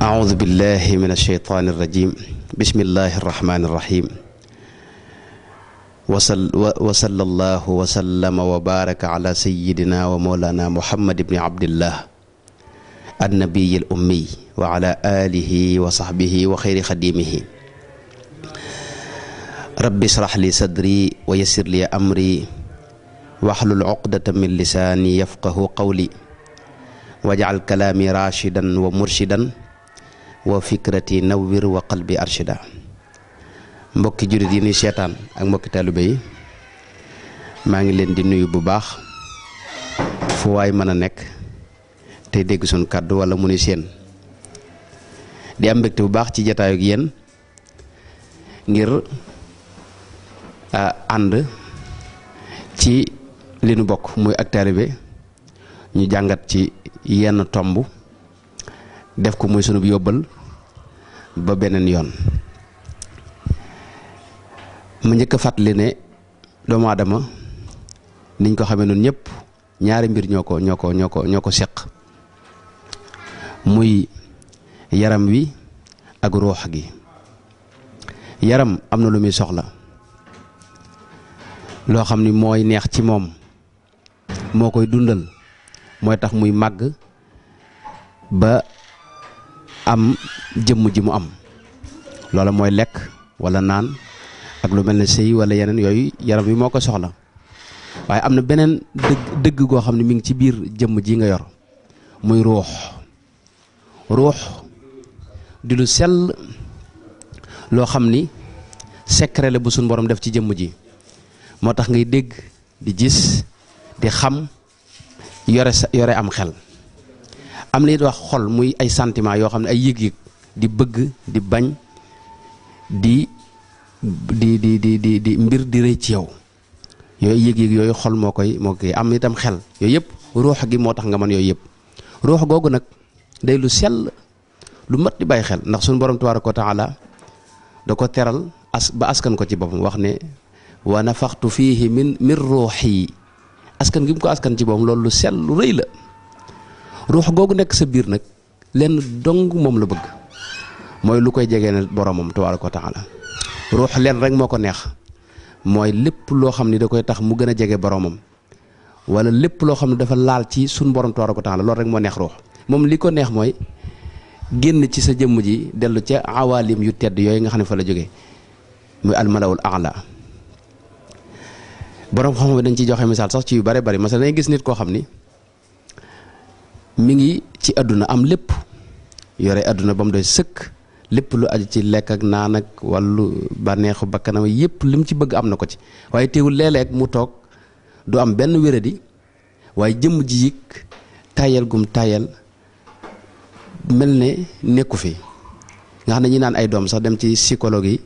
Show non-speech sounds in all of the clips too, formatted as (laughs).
أعوذ بالله من الشيطان الرجيم بسم الله الرحمن الرحيم وصل وصلى الله وسلم وبارك على سيدنا ومولانا محمد بن عبد الله النبي الأمي وعلى آله وصحبه وخير خديمه رب اشرح لي صدري ويسر لي أمري واحلل عقدة من لساني يفقه قولي واجعل كلامي راشدا ومرشدا wa naw nawwir wa bi arshida mbokki jullit yi nuy seetaan ak mbokki taalibe yi maa ngi leen di nuyu bu baax fu waay mën a nekk te dégg suñ kàddu wala mu nuy seen di am mbégte bu baax ci jataay yenn ngir ànd ci li nu bokk muy ak taalibe ñu jàngat ci yenn tomb def ko muy sunub yóbbal ba beneen yoon mu njëkk a fàttali ne doomu aadama niñ ko xamee noonu ñëpp ñaari mbir ñoo ko ñoo ko ñoo ko ñoo seq muy yaram wi ak ruux gi yaram am na lu muy soxla loo xam ni mooy neex ci moom moo koy dundal mooy tax muy màgg ba am jëmm ji mu am loola mooy lekk wala naan ak lu mel ne sëy wala yeneen yooyu yaram wi moo ko soxla waaye am na beneen dëgg dëgg goo xam ne mi ngi ci biir jëmm ji nga yor muy ruux ruux di lu sell loo xam ni secret bu suñ boroom def ci jëmm ji moo tax ngay dégg di gis di xam yore sa yore am xel am na it wax xol muy ay sentiment yoo xam ne ay yëg-yëg di bëgg di bañ di di di di di di mbir di rëy ci yow yooyu yëg yooyu xol moo koy moo koy am itam xel yooyu yëpp ruux gi moo tax nga mën yooyu yëpp ruux googu nag day lu sell lu mat di bàyyi xel ndax suñu borom tabaaraka wa taala da ko teral as ba askan ko ci boppam wax ne wa nafaxtu fiihi min min ruuxi askan gi mu ko askan ci boppam loolu lu sell lu rëy la ruux googu nekk sa biir nag lenn dong moom la bëgg mooy lu koy jege jegeel boromam tabaaraka wa taala ruux lenn rek moo ko neex mooy lépp loo xam ni da koy tax mu gën a jege boromam walla lépp loo xam ne dafa laal ci suñ borom tabaaraka wa taala loolu rek moo neex ruux moom li ko neex mooy génn ci sa jëmm ji dellu ca awalim yu tedd yooyu nga xam ne fa la jóge muy almalawul ala borom xam-xam dañ ciy joxe misaal sax ci yu bare bari masalan dañuy gis nit koo xam ni. mi ngi ci àdduna am lépp yore àdduna ba mu doy sëkk lépp lu aju ci lekk ak naan ak wàllu bànneexu bakkanam yépp li mu ci bëgg am na ko ci waaye teewul leeleeg mu toog du am benn wéradi waaye jëmm ji yëg tayal gum tayal mel ne nekku fi nga xam ne ñi naan ay doom sax dem ci psychologue yi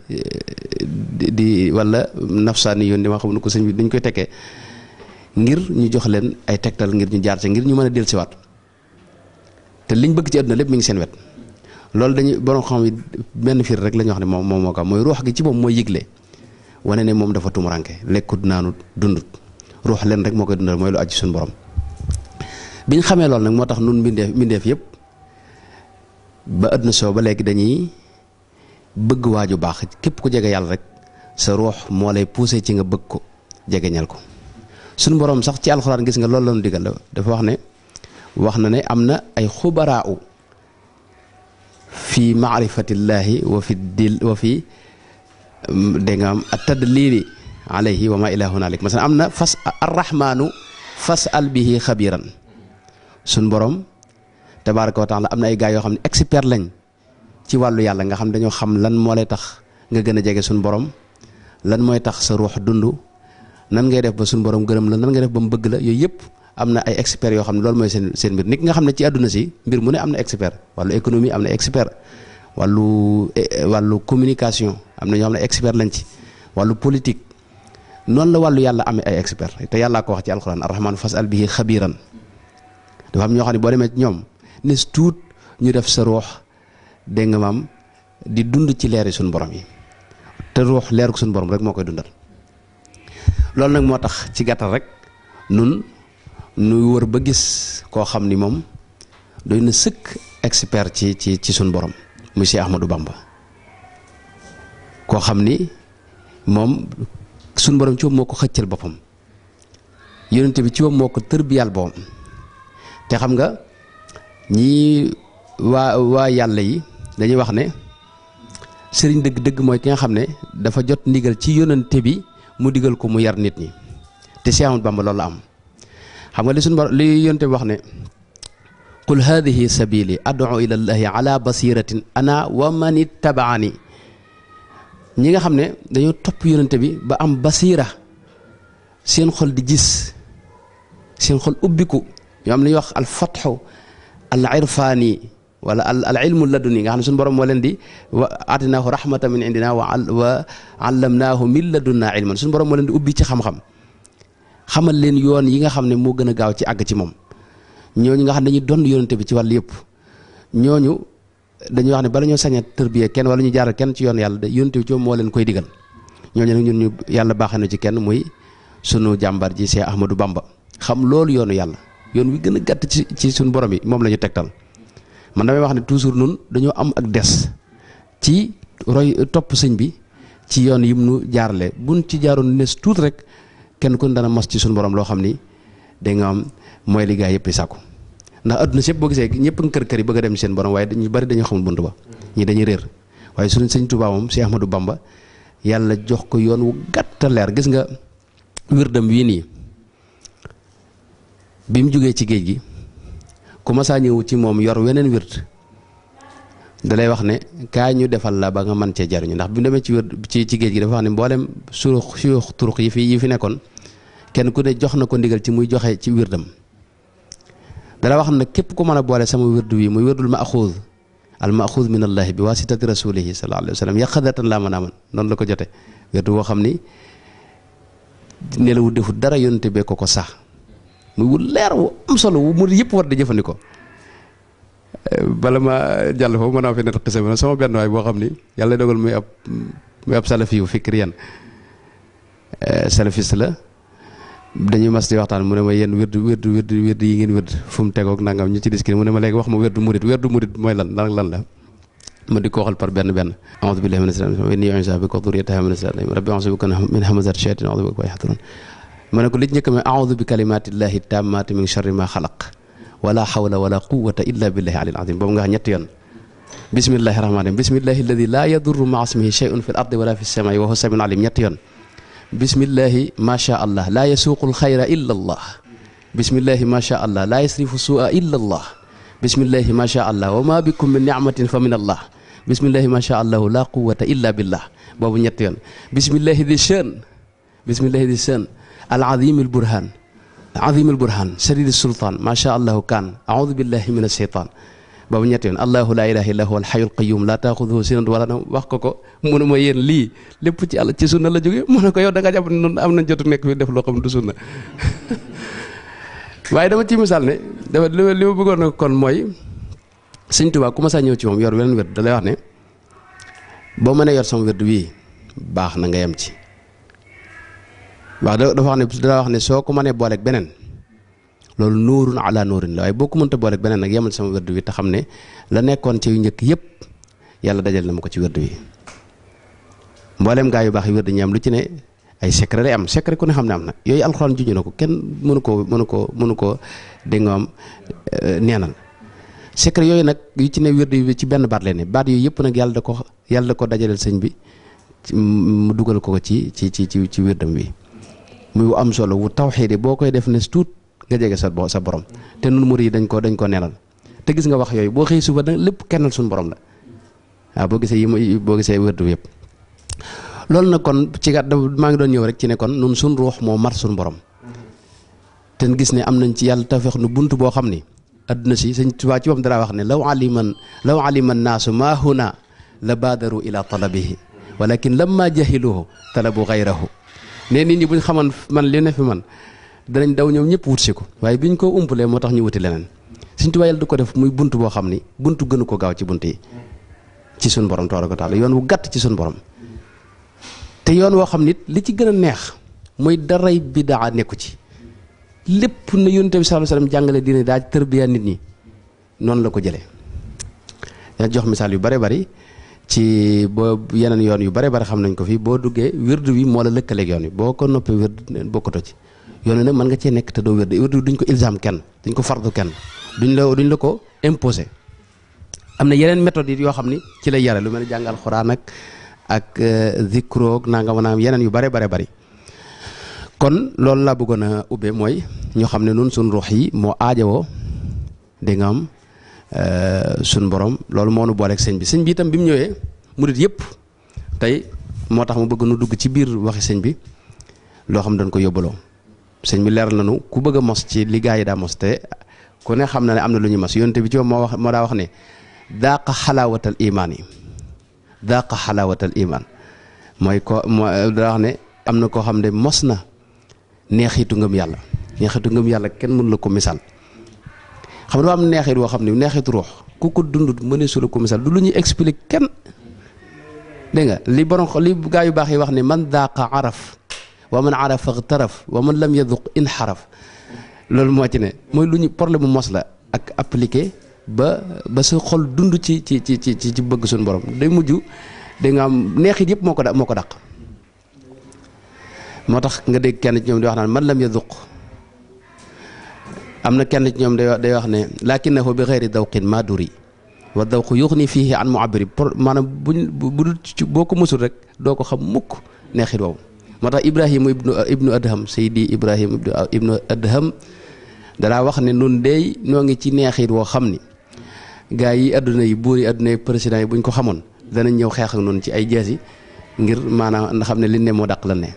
di wala nafsaani yoon di ma xam ko sëñ bi dañ koy tekkee ngir ñu jox leen ay tegtal ngir ñu jaar ci ngir ñu mën a dellusiwaat te liñ bëgg ci àdduna lépp mi ngi seen wet loolu dañuy borom xam yi benn fiir rek la wax ne moom moom moo ko mooy ruux gi ci moom mooy yëgle wane ne moom dafa tumuranke lekkut naanut dundut ruux leen rek moo koy dundal mooy lu aju suñu borom ñu xamee lool nag moo tax nun mbindeef mbindeef yëpp ba àdduna soo ba léegi dañuy bëgg waaju baax képp ku jege yàlla rek sa ruux moo lay poussé ci nga bëgg ko jege jegeñal ko suñu borom sax ci alxuraan gis nga loolu la ñu digal wax na ne am na ay xubaraaw fi maarifatillahi wa fi dil wa fi dégg nga am tadlili alayhi wa ma ila hunalik masalan am na fas arrahmanu fas al bihi xabiran suñ borom tabaraka wa taala am na ay gaa yoo xam ne expert lañ ci wàllu yàlla nga xam dañoo xam lan moo lay tax nga gën a jege suñ borom lan mooy tax sa ruux dund nan ngay def ba suñ borom gërëm la nan ngay def ba mu bëgg la yooyu yëpp am na ay experts yoo xam ne loolu mooy seen seen mbir nit ki nga xam ne ci àdduna si mbir mu ne am na expert wàllu économie am na expert wàllu e, e, wàllu communication am na ñoo xam ne expert lañ ci wàllu politique noonu la wàllu yàlla amee ay expert te yàllaa ko wax ci alxuraan arrahmaan fasal bihi xabiran dafa am ñoo xam ne boo demee ñoom nes tuut ñu def sa ruux dégg nga maam di dund ci leer yi suñu borom yi te ruux leer ko suñu borom rek moo koy dundal loolu nag moo tax nuy wër ba gis koo xam ni moom doy na sëkk expert ci ci ci suñ borom muy Cheikh Ahmadou Bamba koo xam ni moom suñ borom ci moo ko xëccal boppam yonente bi ci moom moo ko tërbiyaal boppam te xam nga ñii waa waa yàlla yi dañuy wax ne sëriñ dëgg dëgg mooy ki nga xam ne dafa jot ndigal ci yonente bi mu digal ko mu yar nit ñi te Cheikh Ahmadou Bamba loolu la am xam nga li suñu li yonte wax ne qul hadihi sabili ad'u ila ala basiratin ana wa man ittabaani ñi nga xam ne dañoo topp yonente bi ba am basira seen xol di jis seen xol ubbiku yoo am li ñuy wax al fatxu al irfaani wala al ilmu laduni xam ne suñu moo leen di wa atinaahu rahmatan min indina wa allamnaahu min ladunna ilman suñu borom moo leen di ubbi ci xam-xam xamal leen yoon yi nga xam ne moo gën a gaaw ci àgg ci moom ñooñu nga xam ne dañuy dond yonente bi ci wàll yëpp ñooñu dañuy wax ne bala ñoo sañ a tërbiyee kenn wala ñu jaaral kenn ci yoon yàlla de yonente bi ci moom moo leen koy digal ñooñu nag ñun ñu yàlla baaxee na ci kenn muy sunu jàmbar ji Cheikh Ahmadou Bamba xam loolu yoonu yàlla yoon wi gën a gàtt ci ci suñu borom yi moom la ñu tegtal man damay wax ne toujours nun dañoo am ak des ci roy topp sëñ bi ci yoon yim nu jaarale buñ ci jaaroon nees tuuti rek kenn ku ne dana mos ci suñu borom loo xam ni da nga am mooy li gaa yëpp di ndax adduna si yëpp boo gisee ñëpp nga kër kër yi bëgg a dem seen borom waaye ñu bari dañoo xamul bunt ba ñii dañuy réer waaye suñu sëñ Tuubaa moom si Ahmadou Bamba yàlla jox ko yoon wu gàtt leer gis nga wirdam wii nii bi mu jógee ci géej gi ku saa ñëw ci moom yor weneen wird dalay wax ne kaay ñu defal la ba nga mën cee jariñu ndax bi mu demee ci wird ci ci géej gi dafa wax ne mboolem su yi yi fi nekkoon kenn ku ne jox na ko ndigal ci muy joxe ci wirdam dana wax nag képp ku mën a boole sama wirdu wi muy wirdul maxuud al maxuud min allahi bi wasitati rasulihi sallallahu alayhi wa sallam yaqadatan laa mën a man noonu la ko jote wirdu boo xam ni nelawu defu dara yonte ko ko sax muy leer solo wu mu yëpp war di jëfandikoo bala ma jàll foofu mën naa boo xam ni yàlla dogal muy ab muy ab salafi yu fikriyan eh, salafiste la dañuy mas waxtaan mu ne ma yéen wérdu wérdu wérdu wérdu yi ngeen wérd fu mu tegoog nangam ne ma léegi wax ma wérdu murit wérdu murit mooy lan lan lan ma di ko waxal par benn benn a'udhu billahi wa inni wa dhurriyyataha minash shaitanir min hamazati shayatin wa ma ne ko li ci njëkk mooy a'udhu bi kalimatillahi tammati min sharri ma xalaq wala hawla wala quwwata illa billahi alil azim boobu nga ñetti yoon bismillahi rahmani rahim bismillahi alladi la yadurru ma'a ismihi shay'un fil ardi wala fis samai wa huwa samiun alim ñetti yoon bismillahi macha allah laa yasuuqu alxayra illa allah bismillahi macha allah laa yasrifu suua illa allah bismillahi macha allah wa ma bikum min nicmatin fa min allah bismillahi macha allah laa quwata illa billah boobu ñett yoon bismillahi di seen bismillahi di seen al azim al burhan azim al burhan sadid sultaan macha allah kaan audu billahi min alsheytaan ba mu ñetti yoon allahu laa ilaha illa huwa alxayul qayum laa taaxuduhu sinatu wala na wax ko ko mënu ma yéen lii lépp ci àlla ci sunna la jóge mu ne ko yow da nga jàpp ne noonu am nañ jotu nekk fi def loo xam du (laughs) dama ci misaal ne dafa li ma bëggoon a kon mooy sëñ Tuubaa ku ma saa ñëw ci moom yor weneen wér da wax ne boo mënee yor sama wér wii baax na nga yem ci waaw dafa wax ne dala wax ne soo ko mënee booleeg beneen loolu nuurun ala nuurin la waaye boo ko mënta booleeg beneen nag yemal sama wérdu wi te xam ne la nekkoon ci yu njëkk yëpp yàlla dajal na ma ko ci wérdu wi mbooleem gaa yu baax yi wérdu ñi am lu ci ne ay secret am secret ku ne xam ne am na yooyu alxuraan juñu na ko kenn mënu koo mënu koo mënu koo dégg nga am euh, neenal secret yooyu nag ci ne wérdu bi ci benn baat lay ne baat yooyu yëpp nag yàlla ko yàlla ko dajaleel sëñ bi mu dugal ko ci ci ci ci ci wérdam wi muy am solo wu tawxiide boo koy def ne tuut nga jege sa sa borom te nun murid dañ ko dañ ko neenal te gis nga wax yooyu boo xëy suba danga lépp kennal suñu borom la waaw boo gisee yi boo gisee wërdu yëpp loolu nag kon ci kat maa ngi doon ñëw rek ci ne kon suñ ruux moo mar suñu borom te gis ne am nañ ci yàlla tawfeex nu bunt boo xam ni adduna si sëñ Tuubaa ci boppam dara wax ne law aliman law alima naasu maa huna la baadaru ila talabihi walakin lamma jahiluhu talabu gayrahu ne nit ñi buñ xaman man li ne fi man danañ daw ñëw ñëpp wut si ko waaye bi ñu ko umpalee moo tax ñu wuti leneen suñ tubaayal du ko def muy bunt boo xam ni bunt gënu ko gaaw ci bunt yi ci suñ borom tabaraka taala yoon wu gàtt ci suñ borom te yoon woo xam nit li ci gën a neex mooy daray bidaa nekku ci lépp na yonent bi sallallahu alayhi wasallam jàngale diine daa tërbiya nit ñi noonu la ko jëlee dana jox misaal yu bare bari ci boo yeneen yoon yu bare bari xam nañ ko fii boo duggee wird wi moo la lëkkaleeg yoon wi boo ko noppee wird bokkatoo ci yoon nag mën nga cee nekk te doo wér wér duñ ko ilzam kenn duñ ko fardu ken duñ la duñ la ko imposé am na yeneen méthodes yi yoo xam ni ci lay yare lu mel jàngal xuraan ak ak euh, zikroog naa nga mën a am yeneen yu bare bare bari kon loolu laa bëggoon a ubbee mooy ñu xam ne nun suñ rox yi moo aajowoo di nga am euh, suñ borom loolu moo nu booleeg sëñ bi sëñ bi itam bi mu ñëwee murit yëpp tey moo tax mu bëgg nu dugg ci biir waxi sëñ bi loo xam dañ ko yóbbaloo sëñ bi leer nañu ku bëgg mos ci li gaa yi daa mos te ku ne xam na ne am na lu ñuy mos yonte bi ci moom moo wax moo daa wax ne daaqa xalaawatal imaan yi daaqa xalaawatal imaan mooy ko moo daa wax ne am na koo xam ne mos na neexitu ngëm yàlla neexitu ngëm yàlla kenn mënu la ko misaal xam nga am neexit woo xam ne neexitu ruux ku ko dund mënee su la ko misaal du lu ñuy expliquer kenn dégg li borom li gaa yu baax yi wax ne man daaqa araf wa man arafa taraf wa man lam yaduq in xaraf loolu moo ci ne mooy lu ñu problème mu mos la ak appliqué ba ba sa xol dund ci ci ci ci ci bëgg suñu borom day mujj da am neexit yëpp moo ko da moo ko dàq moo tax nga dégg kenn ci ñoom di wax naa man lam yaduq am na kenn ci ñoom day day wax ne lakinnahu bi xeyri dawqin maa duri wa dawqu fii fiihi an mu'abbiri maanaam buñ bu dul boo ko mësul rek doo ko xam mukk neexit woowu moo tax ibrahima ibnu ibnu adham saydi ibrahima ibnu adham danaa wax ne nun deey noo ngi ci neex neexit woo xam ni gaa yi àdduna yi buur yi àdduna yi président yi buñ ko xamoon danañ ñëw xeex ak noonu ci ay jaasi ngir maanaam nga xam ne li ne moo dàq la ne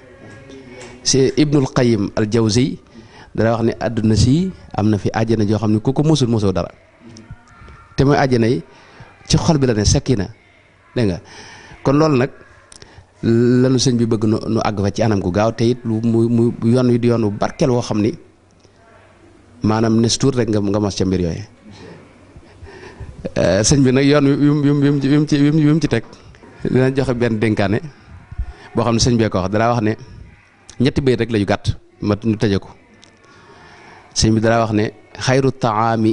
si ibnul qayyim al jawzi dana wax ne àdduna si am na fi àjjana joo xam ne ku ko mosul mosoo dara te mooy àjjana yi ci xol bi la ne sakki na kon loolu nag lanu sëñ bi bëgg nu nu àgg fa ci anam gu gaaw te it lu mu mu yoon wi di yoon wu barkeel woo xam ni maanaam nes rek nga nga mos ca mbir yooyu eh, sëñ bi nag yoon wi mu ci wi mu ci teg dina joxe benn dénkaane boo xam ne sëñ bee ko wax danaa wax ne ñetti bayit rek la gàtt ma tëje ko sëñ bi danaa wax ne xayru taami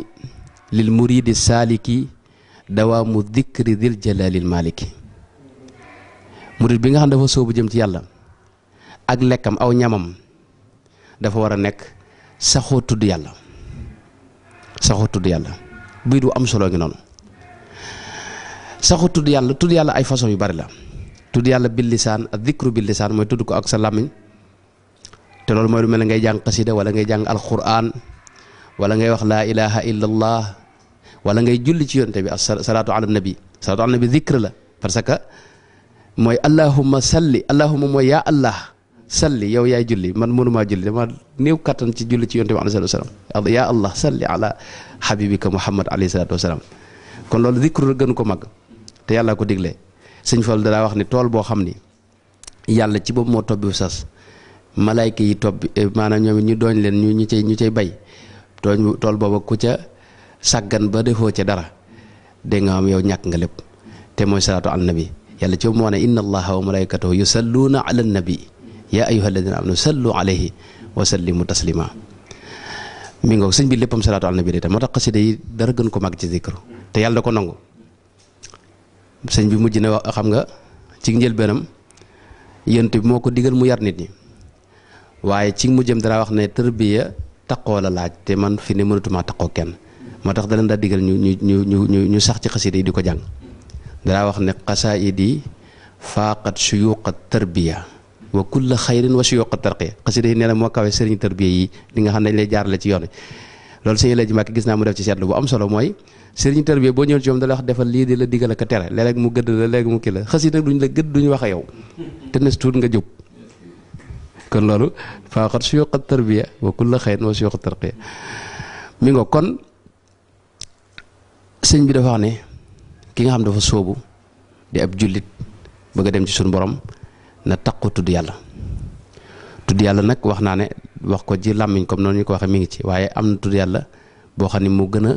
lil muridi saaliki dawaamu dikri dil jalaalil maaliki murit bi nga xam dafa sóobu jëm ci yàlla ak lekkam aw ñamam dafa war a nekk saxoo tudd yàlla saxoo tudd du am solo ngi noonu saxoo tudd yàlla tudd yàlla ay façon yu bari la tudd yàlla bil lisaan ak dikru mooy tudd ko ak sa làmmiñ te loolu mooy lu mel ne ngay jàng xasida wala ngay jàng alquran wala ngay wax laa ilaha illallah wala ngay julli ci yonte bi ak salaatu ala nabi salaatu ala nabi dikr la mooy allahumma salli allahumma mooy yaa allah salli yow yaay julli man mënumaa julli dama néew kattan ci julli ci yonte bi alayhi salaatu wasalaam yaa allah salli ala habibika muhammad alayhi salaatu wasalaam kon loolu dikru gën ko mag te yàlla ko diglee sëñ Fall danaa wax ni tool boo xam ni yàlla ci boobu moo tobbi sas malaayka yi tobbi eh, maanaam ñoom ñu dooñ leen ñu ñu cay ñu cay bay tooñ tool booba ku ca sàggan ba defoo ca dara dégg nga am yow ñàkk nga lépp te mooy salaatu al nabi yàlla ci moo ne inna allaha wa malaikatahu yusalluuna ala nabi yaa ayuha alladina amanu sallu alayhi wa sallimu taslima mi ngoog sëñ bi léppam salaatu ala nabi day tam moo tax xasida yi dara gën ko mag ci zikru te yàlla ko nangu sëñ bi mujj na xam nga ci njëlbeenam yent bi moo ko digal mu yar nit ñi waaye ci mujjam dara wax ne tërbiya taqoo la laaj te man fi ne mënatumaa taqoo kenn moo tax da leen daa digal ñu ñu ñu ñu ñu sax ci xasida yi di ko jàng danaa wax ne xasaayid yi faaqat suyuuqa tarbiya wa kulla xayrin wa suyuuqa tarqiya xasida yi nee na moo kawe sëriñ tarbiya yi li nga xam ne dañ lay jaarale ci yoon loolu sëñ Elaaji Mbàkke gis naa mu def ci seetlu bu am solo mooy sëriñ tarbiya boo ñëwee ci moom da la wax defal lii di la digal ak a tere léeg-léeg mu gëdd la léeg mu kii la xasida nag duñ la gëdd duñu wax a yow te nes tuut nga jóg kon loolu faaqat suyuuqa tarbiya wa kulla xayrin wa suyuuqa tarqiya bi dafa wax ki nga xam dafa soobu di ab jullit bëgg a dem ci suñu borom na taqu tudd yàlla tudd yàlla nag wax naa ne wax ko ji làmmiñ comme noonu ñu ko waxee mi ngi ci waaye am na tudd yàlla boo xam ne mu gën a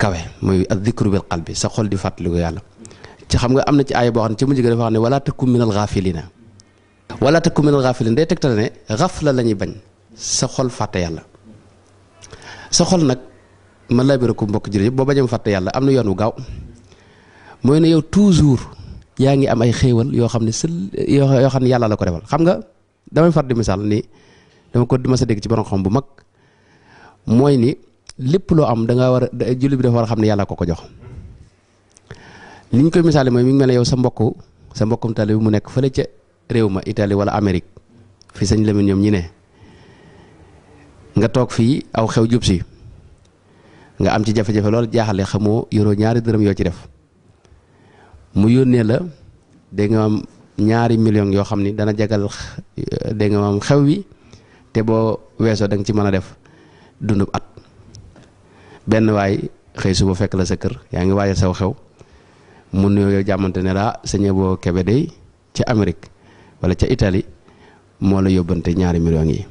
kawe muy addikru bil qalbi sa xol di fàttaliku yàlla ci xam nga am na ci aaya boo xam ne ci mujj ga dafa wax ne wala takun minal gaafilina wala ku minal gaafilina day tegtale ne xaf la la ñuy bañ sa xol fàtte yàlla sa xol nag man laa biir ko mbokk jël yëpp boo bañ a fàtte yàlla am na yoon wu gaaw mooy na yow toujours yaa ngi am ay xéewal yoo xam ne sël yoo xam ne yàlla la ko defal xam nga damay far di misaal ni dama ko ma sa dégg ci borom xam bu mag mooy ni lépp loo am da war a julli bi dafa a xam ne yàlla ko ko jox li koy misaale mooy mi ngi mel ne yow sa mbokk sa mbokkum taalibe bi mu nekk fële ca réew ma Italie wala Amérique fi sañ Lamine ñoom ñi ne nga toog fii aw xew jub nga am ci jafe-jafe lool jaaxale xamoo yoroo ñaari dërëm yoo ci def mu yónnee la dégg nga am ñaari million yoo xam ni dana jagal euh, dégg nga xew wi te boo weesoo da nga ci mën a def dundub at benn waay xëy suba fekk la sa kër yaa ngi waajal saw xew mu nuyoo yow jàmmante ne daa sëñ boo kebe day ca Amérique wala ca itali moo la yóbbante ñaari million yi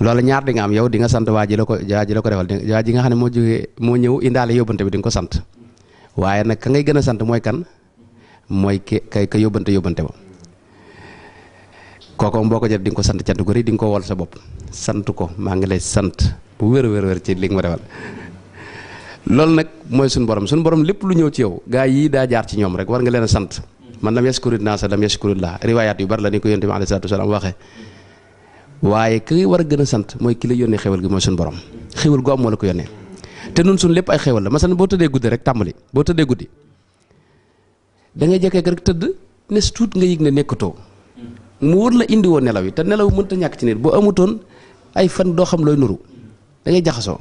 loolu ñaar di am yow dinga nga sant waa ji la ko waa ji la ko defal waa ji nga xam ne moo jógee moo ñëw indaale yóbbante bi di nga ko sant waaye nag ka ngay gën a sant mooy kan mooy ke kay ka yóbbante yóbbante ba kooku boo ko jël di nga ko sant cant ko rëy di nga ko wol sa bopp sant ko maa ngi lay sant bu wér wér ci li nga ma defal loolu nag mooy suñu borom suñu borom lépp lu ñëw ci yow gaa yii daa jaar ci ñoom rek war nga leen a sant man lam yashkurin naasa lam yashkurillah riwaayaat yu bari la ni ko yonent bi alayhi salaatu wasalaam waxee waaye ki war a gën a sant mooy ki la yónnee xewal gi mooy suñu borom xewal gu am moo la ko yónnee te nun suñu lépp ay xewal la masalan boo tëddee guddi rek tàmbali boo tëddee guddi da ngay jekkee rek tëdd ne tuut nga yëg ne nekkatoo mu wër la indi woo nelaw yi te nelaw mënta ñàkk ci nit boo amutoon ay fan doo xam looy nuru da jaxasoo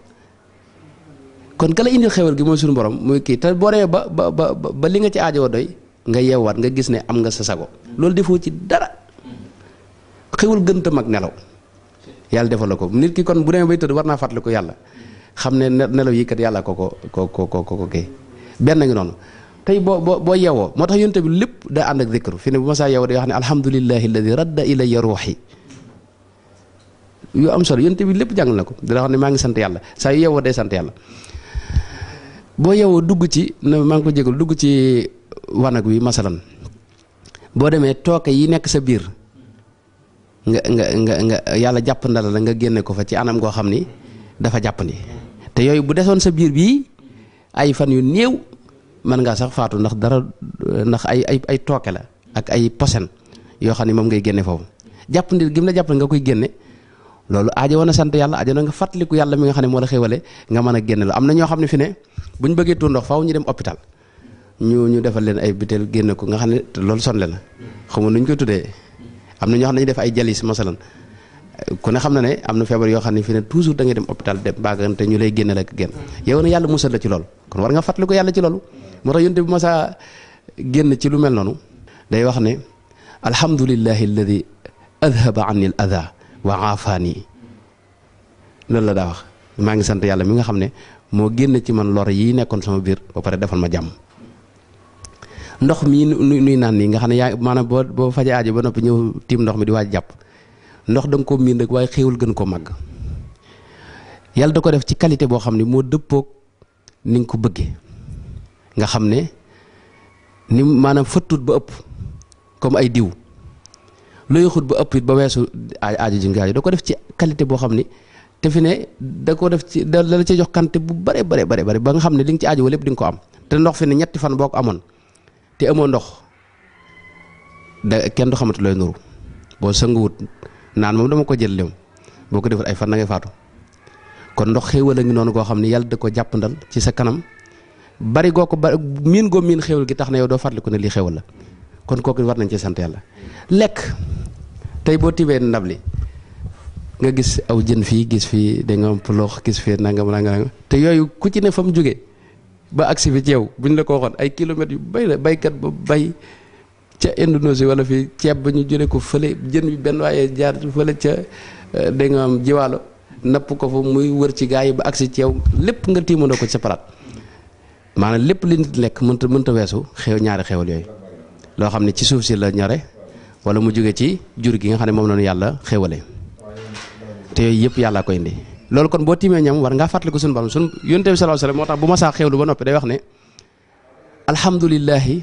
kon ka la indil xewal gi mooy suñu borom muy kii te boo ree ba ba ba ba li nga ci aajowoo doy nga yeewaat nga gis ne am nga sa sago loolu defoo ci dara xewal mag nelaw yàlla defal la ko nit ki kon bu demee bay tëdd war naa fàttaliku yàlla xam ne nelaw yi kat yàlla ko ko ko ko ko ko benn ngi noonu tey boo boo boo yeewoo moo tax yonte tamit lépp daa ànd ak zikru fi ne bu ma saa yeewoo day wax ne alhamdulillahi alladi radda ilayya ruuxi yu am solo yonte bi lépp jàng na ko dina wax ne maa ngi sant yàlla saa yu yeewoo day sant yàlla boo yeewoo dugg ci na maa ngi ko jégal dugg ci wanag wi masalan boo demee tooke yi nekk sa biir nga nga nga nga yàlla jàpp na la nga génne ko fa ci anam goo xam ni dafa jàpp ni te yooyu bu desoon sa biir bii ay fan yu néew mën ngaa sax faatu ndax dara ndax ay ay ay tooke la ak ay posen yoo xam ne moom ngay génne foofu jàpp ni gim la jàpp nga koy génne loolu aajo woon a sant yàlla aajo na nga fàttaliku yàlla mi nga xam ne moo la xéwale nga mën a génne lu am na ñoo xam ne fi ne bu ñu bëggee tuur ndox faaw ñu dem hôpital ñu ñu defal leen ay butéel génne ko nga xam ne loolu sonle la xam nga koy tuddee. am na ñoo xam ne dañuy def ay jalis masalan kon ne xam na ne am na feebar yoo xam ne fi ne toujours da ngay dem hôpital dem baagante ñu lay génne ak génn yow na yàlla musal la ci loolu kon war nga fàttaliku yàlla ci loolu moo tax yonte bu masa génn ci lu mel noonu day wax ne alhamdulillahi alladi adhaba anni al adha wa aafaani loolu la daa wax maa ngi sant yàlla mi nga xam ne moo génn ci man lor yi nekkoon sama biir ba pare defal ma jàmm ndox mii nuy naan nii nga xam ne yaa maanaam boo boo faje aajo ba noppi ñëw tiim ndox mi di waaj jàpp ndox da koo miin rek waaye xéewal gën koo màgg yàlla da ko def ci qualité boo xam ne moo dëppoog ni nga ko bëggee nga xam ne ni maanaam fëttut ba ëpp comme ay diw lu yoxut ba ëpp it ba weesu aajo ji nga aajo def ci qualité boo xam ne te fi ne da ko def ci da la ci jox kante bu bare bare bare ba nga xam ne li nga ci aajo wa lépp di ko am te ndox fi ne ñetti fan boo ko amoon te amoo ndox da kenn du xamante looy nuru boo sënguwut naan moom dama ko jël léem boo ko defut ay fan na faatu kon ndox xéewal a ngi noonu koo xam ne yàlla da ko jàppandal ci sa kanam bari goo ko bari miin goo miin xéewal gi tax na yow doo fàttaliku ne lii xéewal la kon kooku war nañ ci sant yàlla lekk tey boo tibbee ndab li nga gis aw jën fii gis fii da nga am puloox gis fii nangam nangam te yooyu ku ci ne fa mu jógee ba agsi fi ci bu ñu la ko waxoon ay kilomètres yu bay la baykat ba bay ca Indonésie wala fii ceeb ba ñu jëlee ko fële jën bi benn waaye jaar fële ca eh, da nga am jiwaalo napp ko fa muy wër ci gaa yi ba agsi ceew lépp nga tiimandoo ko ca sa palaat maanaam lépp li nit lekk mënta mënta weesu xew ñaari xewal yooyu loo xam ne ci suuf si la ñore wala mu jóge ci jur gi nga xam ne moom la ñu yàlla xewale te yooyu yëpp yàlla koy indi loolu kon boo tiimee ñam war ngaa fàttaliku suñu borom suñu yonent bi sallallahu alayhi wasallam moo tax bu ma saa xewlu ba noppi day wax ne alhamdulillahi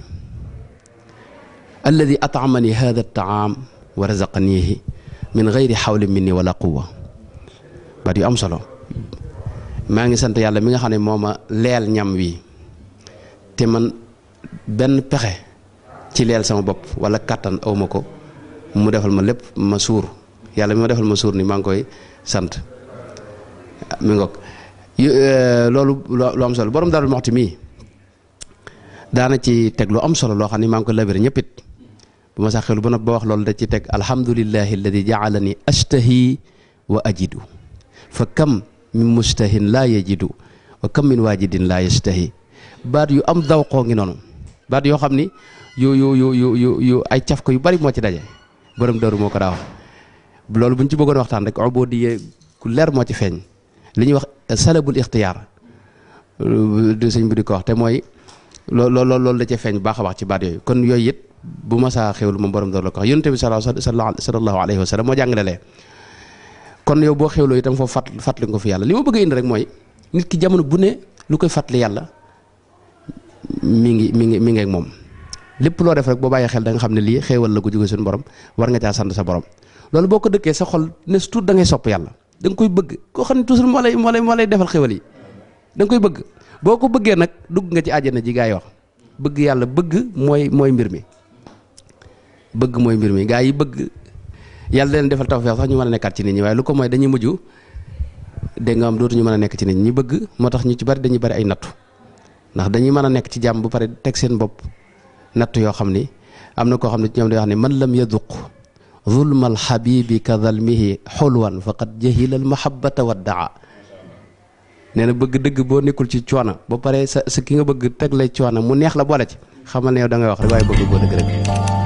alladi atamani hada taam wa razaqanihi min gayri xawli minni wala quwa baat yu am solo maa ngi sant yàlla mi nga xam ne moo ma leel ñam wi te man benn pexe ci leel sama bopp wala kàttan awma ko mu defal ma lépp ma suur yàlla mi ma defal ma suur ni maa ngi koy sant mi ngoog eh, loolu lu am solo borom daarul moxti mii daana ci teg lu am solo loo xam ne maa ngi ko labir ñëppit bu ma sax xelu ba nag ba wax loolu da ci teg alhamdulillahi alladi jaalani ashtahi wa ajidu fa kam min mustahin laa yajidu wa kam min waajidin laa yastahi baat yu am daw koo ngi noonu baat yoo xam ni yu ay caf yu bari moo ci daje borom daru moo ko daa wax loolu buñ ci bëggoon waxtaan rek oboo di ku leer moo ci feeñ li ñuy wax salabul ixtiyaar du sëñ bi di ko wax te mooy loo loolu da ca feeñ baax a baax ci baat yooyu kon yooyu it bu masaa xewlu moom borom dara la ko wax yonent bi sallallahu alayhi wa sallam moo jàngalelee kon yow boo xewloo itam foofu fàtt fàttali ko fi yàlla li ma bëgg a mooy nit ki jamono bu ne lu koy fàttali yàlla mii ngi mi ngi mi ngi moom lépp loo def rek boo bàyyi xel danga xam ne lii xéewal la ko jóge suñu borom war nga caa sant sa borom loolu boo ko dëkkee sa xol nes tuut da ngay sopp yàlla da nga koy bëgg koo xam ne toujours moo lay moo lay moo lay defal xéwal yi da koy bëgg boo ko bëggee nag dugg nga ci àjjana ji gaa yi wax bëgg yàlla bëgg mooy mooy mbir mi bëgg mooy mbir mi gaa yi bëgg yàlla leen defal tawfeex sax ñu mën a nekkaat ci nit ñi waaye lu ko mooy dañuy mujj dégg nga am dootuñu mën a nekk ci nit ñi bëgg moo tax ñu ci bari dañuy bari ay nattu ndax dañuy mën a nekk ci jàmm bu pare teg seen bopp natt yoo xam ni am na koo xam ne ñoom day wax ne man lam yaduq zulma alxabibi ka zalmihi xulwan faqad jahila almahabata waddaa nee na bëgg dëgg boo nekkul ci coono ba pare sa sa ki nga bëgg teg lay coono mu neex la boole ci xamal ne yow da ngay wax rek waaye bëgg boo dëgg rek